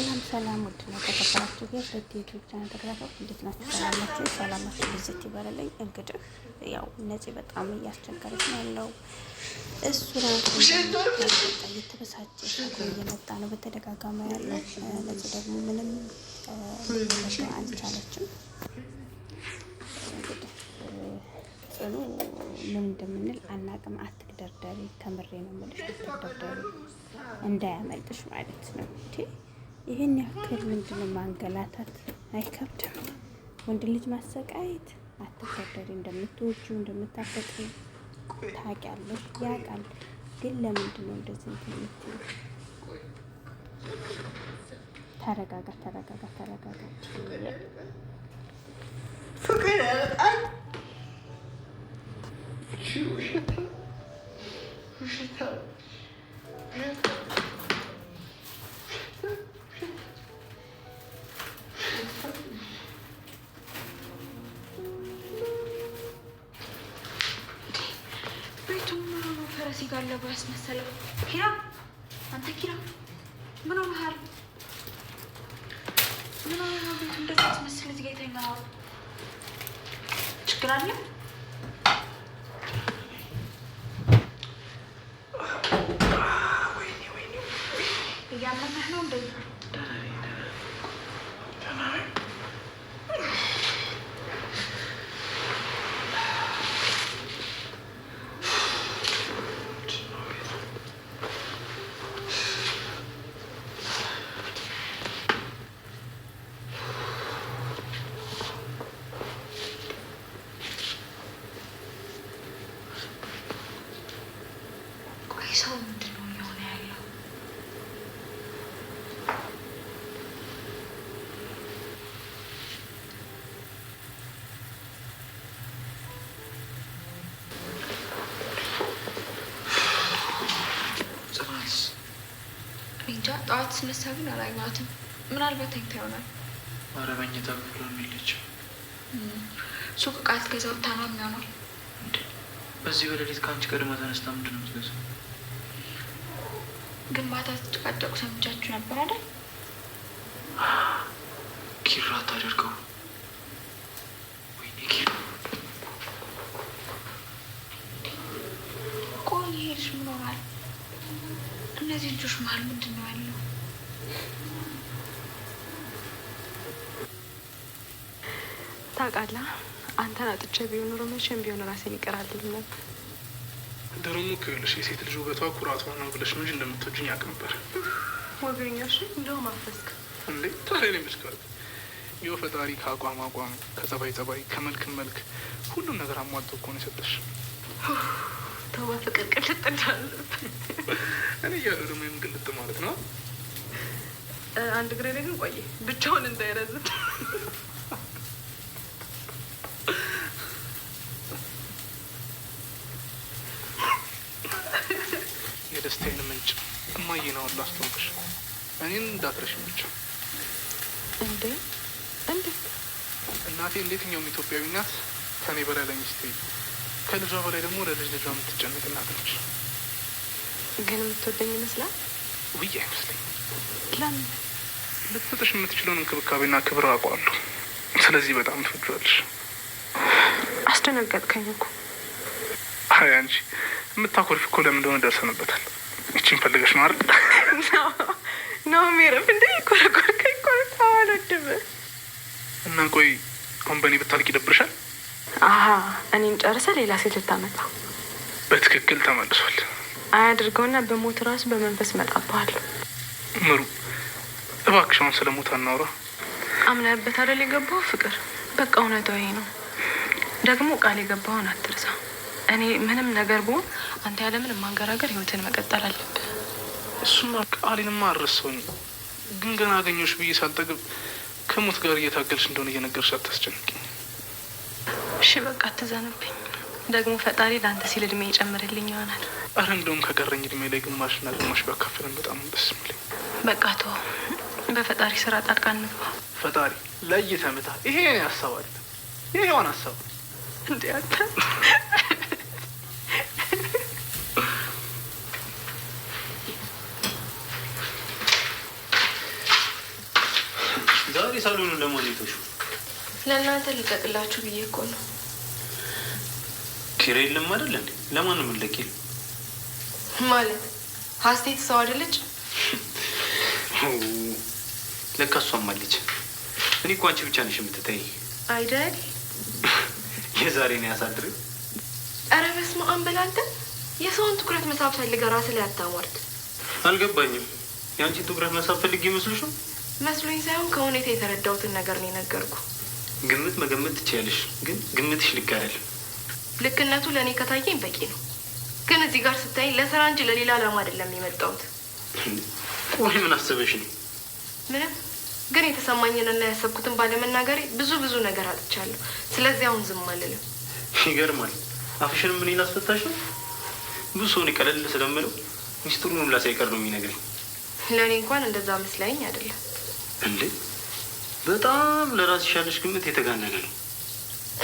ሰላም ሰላም፣ ነው ተከበራችሁ ጋር ዩቲዩብ ቻናል ተከታታዮች እንዴት ናችሁ? ሰላማችሁ ሰላማችሁ ብዝት ይበለልኝ። እንግዲህ ያው ነፂ በጣም እያስቸገረች ነው ያለው እሱ እየተበሳጨ እየመጣ ነው በተደጋጋሚ ያለው። ነፂ ደግሞ ምንም አልቻለችም። እንግዲህ ጽኑ ምን እንደምንል አናቅም። አትግደርደሪ፣ ከምሬ ነው የምልሽ አትግደርደሪ፣ እንዳያመልጥሽ ማለት ነው። ይህን ያክል ምንድን ማንገላታት አይከብድም። ወንድ ልጅ ማሰቃየት አትሰደሪ፣ እንደምትወጁ እንደምታፈቅሪ ታውቂያለሽ፣ ያውቃል። ግን ለምንድን ነው እንደዚህ ትምት? ተረጋጋ ጋር ለቦ ያስመሰለው ኪራ፣ አንተ ኪራ ምን ሆነሃል? ምን ሆነ ቤቱ እንደዚህ ያስመስልት? ጌተኛ ችግር አለ? እያመመህ ነው እንደ ይህ ሰው ምንድን ነው እየሆነ ያለው? ጽናትስ? እንጃ። ጠዋት ስነሳ ግን አላየኋትም። ምናልባት ተኝታ ይሆናል። ኧረ በእኝታ ብሎን የለችም። ሱቅ ዕቃ ልትገዛ ታማሚ ሆኗል። በዚህ በሌሊት ከአንቺ ቀድማ ተነስታ ምንድን ነው የምትገዛው? ግንባታ ማታ ስትጨቃጨቁ ሰምቻችሁ ነበር አይደል? ኪራ ታደርገው ቆይ ሄድሽ ምኖራል እነዚህ ልጆች መሀል ምንድን ነው ያለው? ታውቃለህ፣ አንተን አጥቼ ቢሆን ኖሮ መቼም ቢሆን ራሴን ይቀራልኝ ነበር። ደረሙ ክብልሽ የሴት ልጅ ውበቷ ኩራቷ ነው ብለሽ ነው እንጂ እንደምትወጂኝ ያውቅ ነበር። ወገኛሽ እንደውም አፈስክ እንዴ? ታዲያ ነው ምልካል ይኸው ፈጣሪ ከአቋም አቋም፣ ከጸባይ ጸባይ፣ ከመልክ መልክ ሁሉም ነገር አሟልቶ እኮ ነው የሰጠሽ። ተዋ ፍቅር ቅልጥ እንዳለብ እኔ እያሉ ደግሞ የምን ቅልጥ ማለት ነው። አንድ እግሬ ግን ቆይ ብቻውን እንዳይረዝም የደስታዬን ምንጭ እማዬ ነው ላስታውቅሽ። እኔን እንዳትረሽኝ ብቻ። እንዴ እንዴት? እናቴ እንደ ኢትዮጵያዊ ናት። ከኔ በላይ ለሚስቴ ከልጇ በላይ ደግሞ ለልጅ ልጇ የምትጨነቅ እናት ነች። ግን የምትወደኝ ይመስላል? ውይ አይመስለኝም። ለምን? ልትሰጥሽ የምትችለውን እንክብካቤና ክብር አውቃለሁ። ስለዚህ በጣም ትወጃለሽ። አስደነገጥከኝ እኮ። አይ አንቺ የምታኮርፍ እኮ ለምን እንደሆነ ደርሰንበታል። እችን ፈልገሽ ነው አይደል? ነው ሜረፍ እንደ ኮረኮርከ አልወድም እና ቆይ አሁን ብታልቅ ይደብርሻል። አሀ እኔም ጨርሰ ሌላ ሴት ልታመጣ በትክክል ተመልሷል። አያድርገውና በሞት ራሱ በመንፈስ መጣባል። ምሩ እባክሻውን ስለ ሞት አናውራ። አምናበት አደል የገባው ፍቅር። በቃ እውነታው ይሄ ነው። ደግሞ ቃል የገባውን አትርሳ። እኔ ምንም ነገር ብሆን አንተ ያለምን ማንገራገር ህይወትን መቀጠል አለብህ። እሱማ አሊንማ ማረሰውኝ ግን ገና አገኘሁሽ ብዬ ሳልጠግብ ከሞት ጋር እየታገልሽ እንደሆነ እየነገርሽ አታስጨንቅኝ። እሺ በቃ አትዘንብኝ። ደግሞ ፈጣሪ ለአንተ ሲል እድሜ ይጨምርልኝ ይሆናል። አረ እንደውም ከቀረኝ እድሜ ላይ ግማሽና ግማሽ ባካፍለን በጣም ደስ የሚለኝ። በቃ ተወው፣ በፈጣሪ ስራ ጣልቃ እንግባ። ፈጣሪ ለይተህ ምታ። ይሄ ኔ ሀሳብ አለ ይሄ ዋን ሀሳብ እንዲያተ የሳሎኑን ለማኔቶሹ ለእናንተ ልቀቅላችሁ ብዬ እኮ ነው። ኪሬ የለም አይደል እንዴ? ለማን ልለቂል ማለት ሀስቴት ሰው አይደለች። ለካ እሷም አለች። እኔ እኮ አንቺ ብቻ ነሽ የምትታይ አይደል? የዛሬ ነው ያሳድር። ኧረ በስመ አብ የሰውን ትኩረት መሳብ ፈልገ ራስ ላይ አታሟርት። አልገባኝም። የአንቺን ትኩረት መሳብ ፈልግ ይመስልሽ ነው? መስሎኝ ሳይሆን ከሁኔታ የተረዳሁትን ነገር ነው የነገርኩ። ግምት መገመት ትችያለሽ፣ ግን ግምትሽ ልክ አይደለም። ልክነቱ ለእኔ ከታየኝ በቂ ነው። ግን እዚህ ጋር ስታይ ለስራ እንጂ ለሌላ አላማ አይደለም የመጣሁት። ወይ ምን አስበሽ ነው? ምንም። ግን የተሰማኝንና ያሰብኩትን ባለመናገሬ ብዙ ብዙ ነገር አጥቻለሁ። ስለዚህ አሁን ዝም አልልም። ይገርማል። አፍሽን ምን ላስፈታሽ ነው? ብዙ ሰውን ቀለል ስለምለው ሚስጥሩን ላሳይቀር ነው የሚነግረኝ። ለእኔ እንኳን እንደዛ መስላኝ አይደለም። እንዴ በጣም ለራስሽ ያለሽ ግምት የተጋነነ ነው።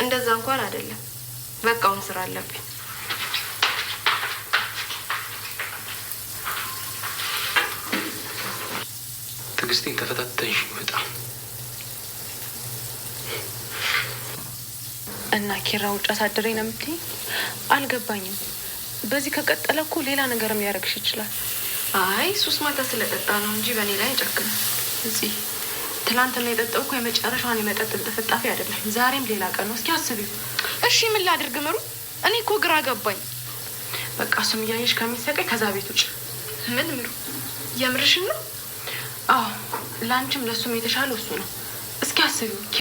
እንደዛ እንኳን አይደለም። በቃውን ስራ አለብኝ። ትዕግስቴን ተፈታተንሽ በጣም እና ኪራ ውጭ አሳድሬ ነው የምትይኝ? አልገባኝም። በዚህ ከቀጠለ እኮ ሌላ ነገርም ሊያደርግሽ ይችላል። አይ ሱስ ማታ ስለጠጣ ነው እንጂ በእኔ ላይ አይጨክንም። እዚህ ትላንትና የጠጠብኩ የመጨረሻውን የመጠጥ ጥፍጣፊ አይደለም፣ ዛሬም ሌላ ቀን ነው። እስኪ አስቢው። እሺ ምን ላድርግ ምሩ? እኔ እኮ ግራ ገባኝ። በቃ እሱም እያየሽ ከሚሰቀኝ ከዛ ቤት ውጭ። ምን ምሩ? የምርሽን ነው? አዎ፣ ለአንቺም ለእሱም የተሻለው እሱ ነው። እስኪ አስቢው።